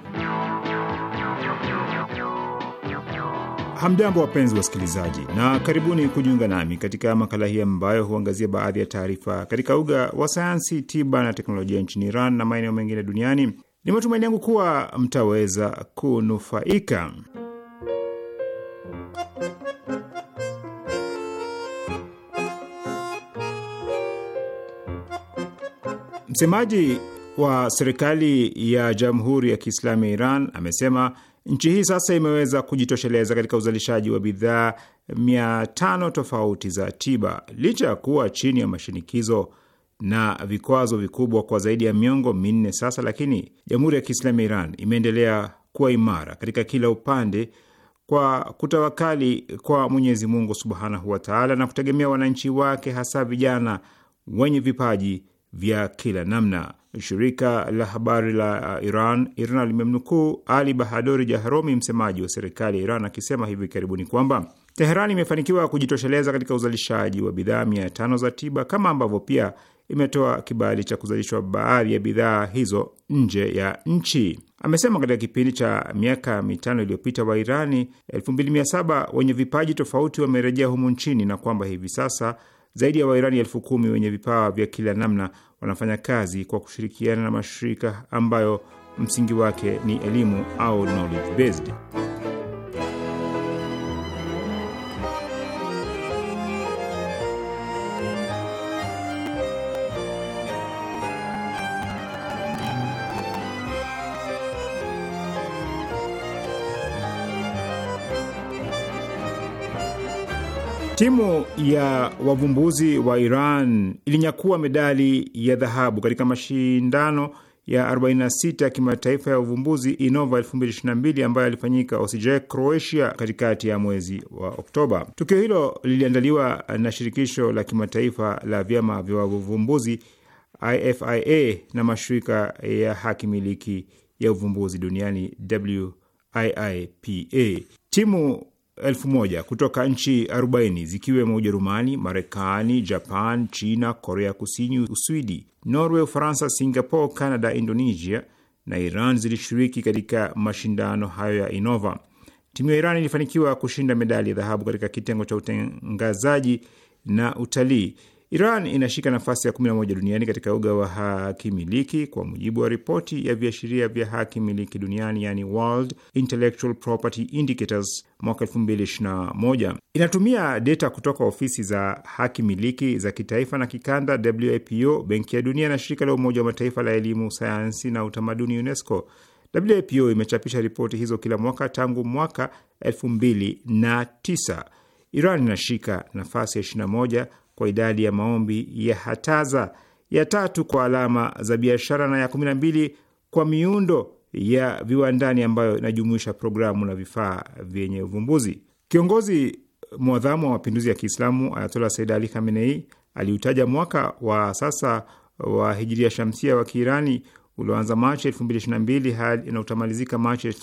Hamjambo, wapenzi wasikilizaji, na karibuni kujiunga nami katika makala hii ambayo huangazia baadhi ya taarifa katika uga wa sayansi, tiba na teknolojia nchini Iran na maeneo mengine duniani. Ni matumaini yangu kuwa mtaweza kunufaika. Msemaji wa serikali ya Jamhuri ya Kiislamu ya Iran amesema Nchi hii sasa imeweza kujitosheleza katika uzalishaji wa bidhaa mia tano tofauti za tiba licha ya kuwa chini ya mashinikizo na vikwazo vikubwa kwa zaidi ya miongo minne sasa, lakini Jamhuri ya Kiislamu ya Iran imeendelea kuwa imara katika kila upande kwa kutawakali kwa Mwenyezi Mungu subhanahu wa taala na kutegemea wananchi wake, hasa vijana wenye vipaji vya kila namna. Shirika la habari la Iran IRNA limemnukuu Ali Bahadori Jahromi, msemaji wa serikali ya Iran, akisema hivi karibuni kwamba Teheran imefanikiwa kujitosheleza katika uzalishaji wa bidhaa mia tano za tiba kama ambavyo pia imetoa kibali cha kuzalishwa baadhi ya bidhaa hizo nje ya nchi. Amesema katika kipindi cha miaka mitano iliyopita Wairani elfu wenye vipaji tofauti wamerejea humu nchini na kwamba hivi sasa zaidi ya Wairani elfu kumi wenye vipawa vya kila namna wanafanya kazi kwa kushirikiana na mashirika ambayo msingi wake ni elimu au knowledge based. Timu ya wavumbuzi wa Iran ilinyakua medali ya dhahabu katika mashindano ya 46 ya kimataifa ya uvumbuzi Inova 2022 ambayo yalifanyika Osijek, Croatia katikati ya mwezi wa Oktoba. Tukio hilo liliandaliwa na shirikisho la kimataifa la vyama vya wavumbuzi IFIA na mashirika ya haki miliki ya uvumbuzi duniani WIIPA. Timu elfu moja kutoka nchi 40 zikiwemo Ujerumani, Marekani, Japan, China, Korea Kusini, Uswidi, Norway, Ufaransa, Singapore, Canada, Indonesia na Iran zilishiriki katika mashindano hayo ya inova Timu ya Iran ilifanikiwa kushinda medali ya dhahabu katika kitengo cha utangazaji na utalii Iran inashika nafasi ya 11 duniani katika uga wa hakimiliki kwa mujibu wa ripoti ya viashiria vya hakimiliki duniani, yani World Intellectual Property Indicators mwaka 2021. Inatumia data kutoka ofisi za hakimiliki za kitaifa na kikanda, WIPO, Benki ya Dunia na shirika la Umoja wa Mataifa la elimu, sayansi na utamaduni, UNESCO. WIPO imechapisha ripoti hizo kila mwaka tangu mwaka 2009. Iran inashika nafasi ya 21 kwa idadi ya maombi ya hataza, ya tatu kwa alama za biashara na ya kumi na mbili kwa miundo ya viwandani ambayo inajumuisha programu na vifaa vyenye uvumbuzi. Kiongozi mwadhamu wa mapinduzi ya Kiislamu Ayatola Said Ali Khamenei aliutaja mwaka wa sasa wa hijiria shamsia wa Kiirani ulioanza Machi mbili hadi inaotamalizika Machi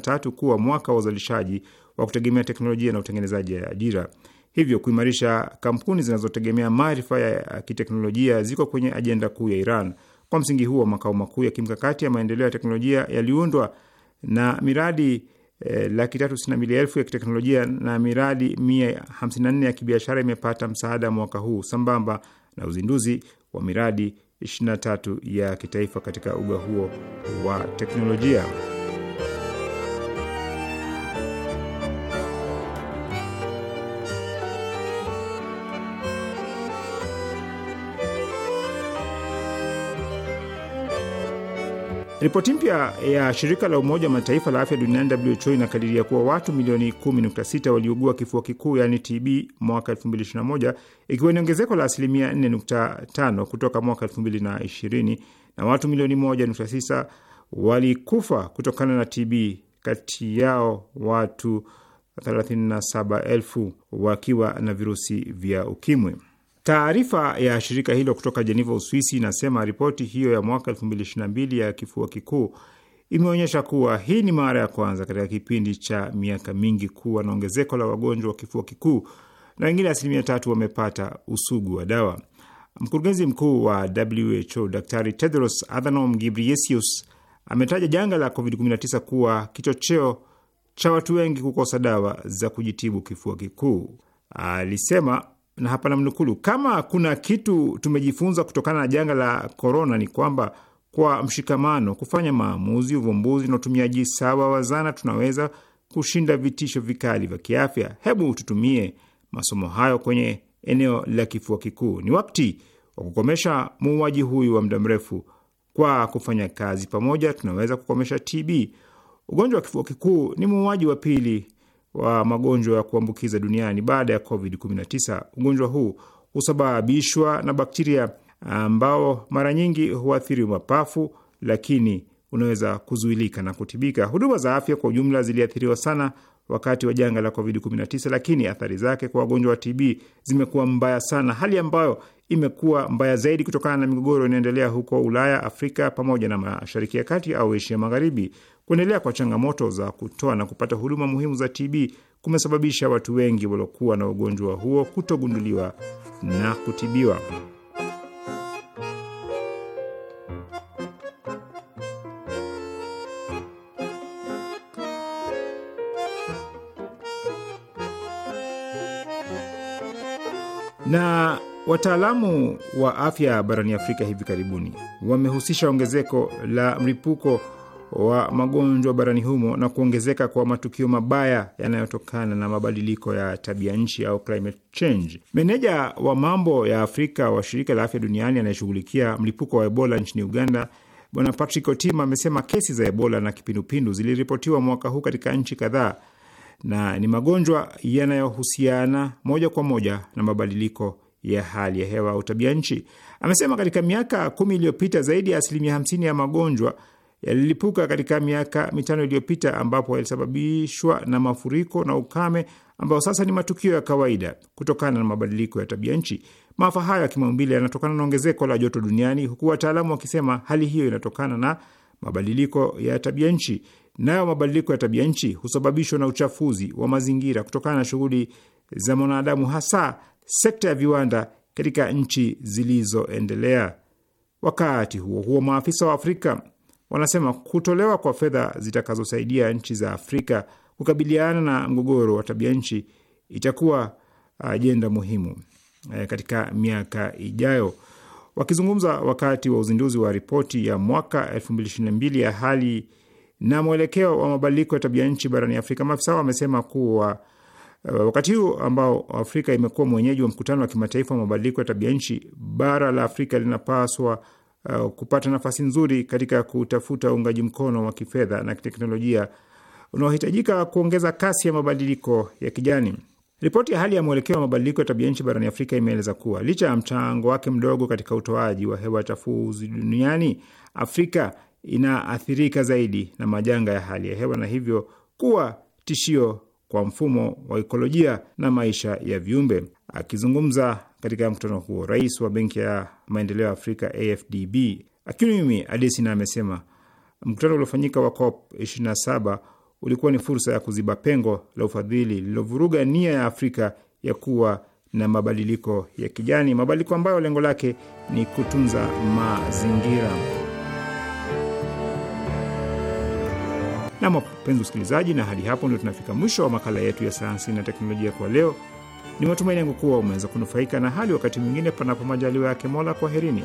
tatu kuwa mwaka wa uzalishaji wa kutegemea teknolojia na utengenezaji ajira. Hivyo kuimarisha kampuni zinazotegemea maarifa ya kiteknolojia ziko kwenye ajenda kuu ya Iran. Kwa msingi huo, makao makuu ya kimkakati ya maendeleo ya teknolojia yaliundwa na miradi eh, laki tatu sitini na mbili elfu ya kiteknolojia na miradi mia hamsini na nne ya kibiashara imepata msaada mwaka huu sambamba na uzinduzi wa miradi 23 ya kitaifa katika uga huo wa teknolojia. Ripoti mpya ya shirika la Umoja wa Mataifa la afya duniani WHO inakadiria kuwa watu milioni 10.6 waliugua kifua kikuu yani TB mwaka 2021 ikiwa ni ongezeko la asilimia 4.5 kutoka mwaka 2020 na watu milioni 1.6 walikufa kutokana na TB, kati yao watu 37,000 wakiwa na virusi vya ukimwi. Taarifa ya shirika hilo kutoka Jeneva, Uswisi, inasema ripoti hiyo ya mwaka 2022 ya kifua kikuu imeonyesha kuwa hii ni mara ya kwanza katika kipindi cha miaka mingi kuwa na ongezeko la wagonjwa wa kifua kikuu na wengine asilimia tatu wamepata usugu wa dawa. Mkurugenzi mkuu wa WHO Daktari Tedros Adhanom Ghebreyesus ametaja janga la COVID-19 kuwa kichocheo cha watu wengi kukosa dawa za kujitibu kifua kikuu. Alisema na hapa namnukulu, Kama kuna kitu tumejifunza kutokana na janga la korona ni kwamba kwa mshikamano, kufanya maamuzi, uvumbuzi na utumiaji sawa wa zana, tunaweza kushinda vitisho vikali vya kiafya. Hebu tutumie masomo hayo kwenye eneo la kifua kikuu. Ni wakati wa kukomesha muuaji huyu wa muda mrefu. Kwa kufanya kazi pamoja, tunaweza kukomesha TB. Ugonjwa wa kifua kikuu ni muuaji wa pili wa magonjwa ya kuambukiza duniani baada ya COVID-19. Ugonjwa huu husababishwa na bakteria ambao mara nyingi huathiri mapafu, lakini unaweza kuzuilika na kutibika. Huduma za afya kwa ujumla ziliathiriwa sana wakati wa janga la COVID-19, lakini athari zake kwa wagonjwa wa TB zimekuwa mbaya sana, hali ambayo imekuwa mbaya zaidi kutokana na migogoro inaendelea huko Ulaya, Afrika pamoja na Mashariki ya Kati au Asia Magharibi. Kuendelea kwa changamoto za kutoa na kupata huduma muhimu za TB kumesababisha watu wengi waliokuwa na ugonjwa huo kutogunduliwa na kutibiwa. na wataalamu wa afya barani Afrika hivi karibuni wamehusisha ongezeko la mlipuko wa magonjwa barani humo na kuongezeka kwa matukio mabaya yanayotokana na mabadiliko ya tabia nchi au climate change. Meneja wa mambo ya Afrika wa shirika la afya duniani anayeshughulikia mlipuko wa Ebola nchini Uganda Bwana Patrick Otima amesema kesi za Ebola na kipindupindu ziliripotiwa mwaka huu katika nchi kadhaa na ni magonjwa yanayohusiana moja kwa moja na mabadiliko ya hali ya hewa au tabia nchi. Amesema katika miaka kumi iliyopita zaidi ya asilimia hamsini ya magonjwa yalilipuka katika miaka mitano iliyopita ambapo yalisababishwa na mafuriko na ukame ambao sasa ni matukio ya kawaida kutokana na mabadiliko ya tabia nchi. Maafa hayo ya kimaumbile yanatokana na ongezeko la joto duniani, huku wataalamu wakisema hali hiyo inatokana na mabadiliko ya tabia nchi. Nayo mabadiliko ya tabia nchi husababishwa na uchafuzi wa mazingira kutokana na shughuli za mwanadamu, hasa sekta ya viwanda katika nchi zilizoendelea. Wakati huo huo, maafisa wa Afrika wanasema kutolewa kwa fedha zitakazosaidia nchi za Afrika kukabiliana na mgogoro wa tabia nchi itakuwa uh, ajenda muhimu eh, katika miaka ijayo. Wakizungumza wakati wa uzinduzi wa ripoti ya mwaka 2022 ya hali na mwelekeo wa mabadiliko ya tabia nchi barani Afrika, maafisa wamesema kuwa uh, wakati huu ambao Afrika imekuwa mwenyeji wa mkutano wa kimataifa wa mabadiliko ya tabia nchi, bara la Afrika linapaswa uh, kupata nafasi nzuri katika kutafuta uungaji mkono wa kifedha na kiteknolojia unaohitajika kuongeza kasi ya mabadiliko ya kijani. Ripoti ya hali ya mwelekeo wa mabadiliko ya tabia nchi barani Afrika imeeleza kuwa licha ya mchango wake mdogo katika utoaji wa hewa chafuzi duniani, Afrika inaathirika zaidi na majanga ya hali ya hewa na hivyo kuwa tishio kwa mfumo wa ikolojia na maisha ya viumbe. Akizungumza katika mkutano huo. Rais wa Benki ya Maendeleo ya Afrika AFDB Akinwumi Adesina amesema mkutano uliofanyika wa COP 27 ulikuwa ni fursa ya kuziba pengo la ufadhili lililovuruga nia ya Afrika ya kuwa na mabadiliko ya kijani, mabadiliko ambayo lengo lake ni kutunza mazingira. Nam, wapenzi usikilizaji, na hadi hapo ndio tunafika mwisho wa makala yetu ya sayansi na teknolojia kwa leo. Ni matumaini yangu kuwa umeweza kunufaika na hali. Wakati mwingine, panapo majaliwa yake Mola, kwaherini.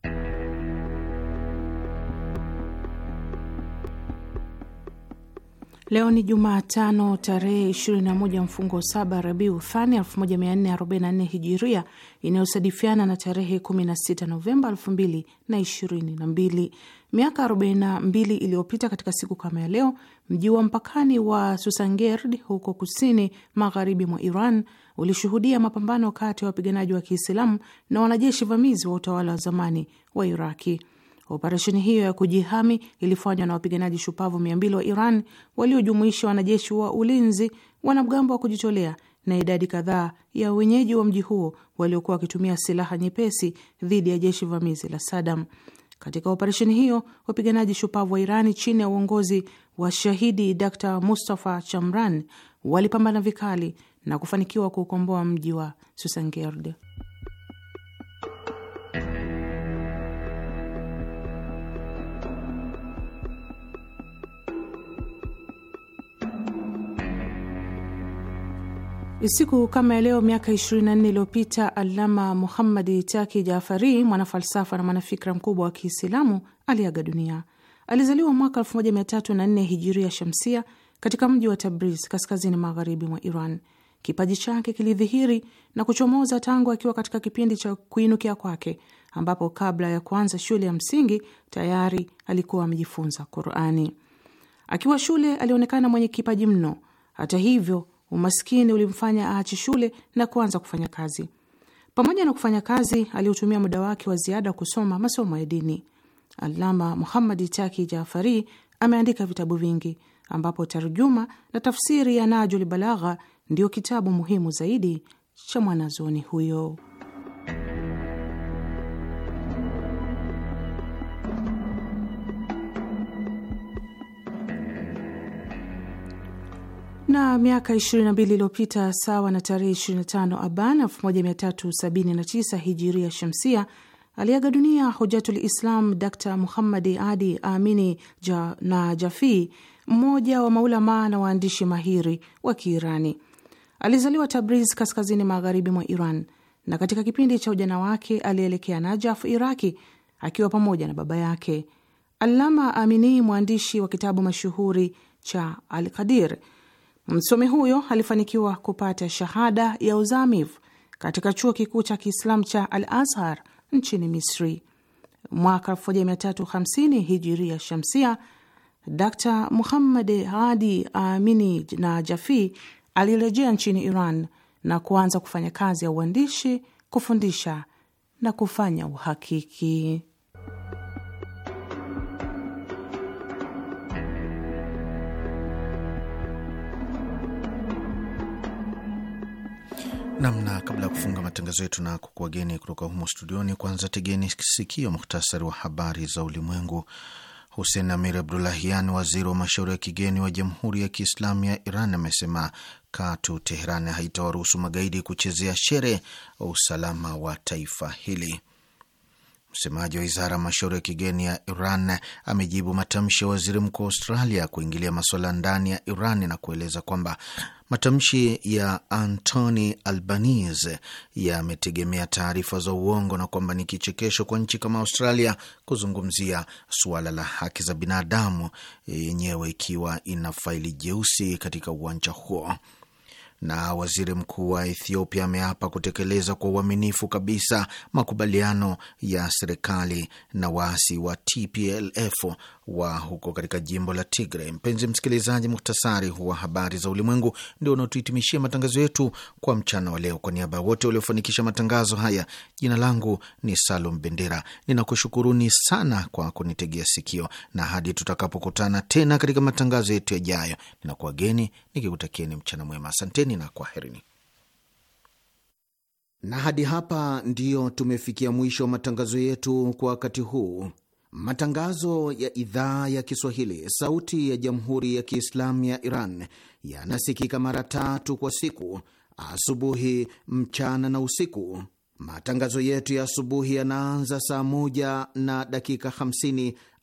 Leo ni Jumatano tarehe 21 mfungo saba Rabiu Thani 1444 Hijiria, inayosadifiana na tarehe 16 Novemba 2022. Miaka 42 iliyopita katika siku kama ya leo, mji wa mpakani wa Susangerd huko kusini magharibi mwa Iran ulishuhudia mapambano kati ya wapiganaji wa Kiislamu na wanajeshi vamizi wa utawala wa zamani wa Iraki. Operesheni hiyo ya kujihami ilifanywa na wapiganaji shupavu mia mbili wa Iran waliojumuisha wanajeshi wa ulinzi, wanamgambo wa kujitolea na idadi kadhaa ya wenyeji wa mji huo waliokuwa wakitumia silaha nyepesi dhidi ya jeshi vamizi la Sadam. Katika operesheni hiyo wapiganaji shupavu wa Irani chini ya uongozi wa shahidi Dr Mustafa Chamran walipambana vikali na kufanikiwa kuukomboa mji wa Susangerd. Siku kama leo miaka 24 iliyopita alama Muhammadi Taki Jafari, mwanafalsafa na mwanafikra mkubwa wa Kiislamu, aliaga dunia. Alizaliwa mwaka 1304 hijiria shamsia katika mji wa Tabriz, kaskazini magharibi mwa Iran. Kipaji chake kilidhihiri na kuchomoza tangu akiwa katika kipindi cha kuinukia kwake, ambapo kabla ya kuanza shule ya msingi tayari alikuwa amejifunza Qurani. Akiwa shule alionekana mwenye kipaji mno. Hata hivyo Umaskini ulimfanya aache shule na kuanza kufanya kazi. Pamoja na kufanya kazi, aliutumia muda wake wa ziada kusoma masomo ya dini. Alama Muhammadi Taki Jafari ameandika vitabu vingi ambapo tarjuma na tafsiri ya Najul Balagha ndiyo kitabu muhimu zaidi cha mwanazoni huyo. na miaka 22 iliyopita sawa na tarehe 25 Aban 1379 hijiria shamsia aliaga dunia Hujatul Islam Dr Muhammadi Adi Amini ja na Jafi, mmoja wa maulamaa na waandishi mahiri wa Kiirani. Alizaliwa Tabriz, kaskazini magharibi mwa Iran, na katika kipindi cha ujana wake alielekea Najaf, Iraki, akiwa pamoja na baba yake Allama Amini, mwandishi wa kitabu mashuhuri cha Al Qadir Msomi huyo alifanikiwa kupata shahada ya uzamivu katika chuo kikuu cha Kiislamu cha Al Azhar nchini Misri mwaka 1350 hijiria shamsia. Dr Muhammad Hadi Amini na Jafi alirejea nchini Iran na kuanza kufanya kazi ya uandishi, kufundisha na kufanya uhakiki. namna. Kabla ya kufunga matangazo yetu na geni kutoka humo studioni, kwanza tegeni sikio muhtasari wa habari za ulimwengu. husen Amir Abdulahian, waziri wa mashauri ya kigeni wa Jamhuri ya Kiislamu ya Iran, amesema katu Teheran haitawaruhusu magaidi kuchezea shere wa usalama wa taifa hili. Msemaji wa wizara ya mashauri ya kigeni ya Iran amejibu matamshi ya waziri mkuu wa Australia kuingilia masuala ndani ya Iran na kueleza kwamba matamshi ya Anthony Albanese yametegemea taarifa za uongo na kwamba ni kichekesho kwa nchi kama Australia kuzungumzia suala la haki za binadamu yenyewe ikiwa ina faili jeusi katika uwanja huo na waziri mkuu wa Ethiopia ameapa kutekeleza kwa uaminifu kabisa makubaliano ya serikali na waasi wa TPLF wa huko katika jimbo la Tigre. Mpenzi msikilizaji, muktasari wa habari za ulimwengu ndio unaotuhitimishia matangazo yetu kwa mchana wa leo. Kwa niaba ya wote waliofanikisha matangazo haya, jina langu ni Salum Bendera, ninakushukuruni sana kwa kunitegea sikio, na hadi tutakapokutana tena katika matangazo yetu yajayo, ninakuwageni nikikutakieni mchana mwema. Asanteni na kwaherini. Na hadi hapa ndiyo tumefikia mwisho wa matangazo yetu kwa wakati huu. Matangazo ya idhaa ya Kiswahili, sauti ya jamhuri ya kiislamu ya Iran yanasikika mara tatu kwa siku: asubuhi, mchana na usiku. Matangazo yetu ya asubuhi yanaanza saa moja na dakika hamsini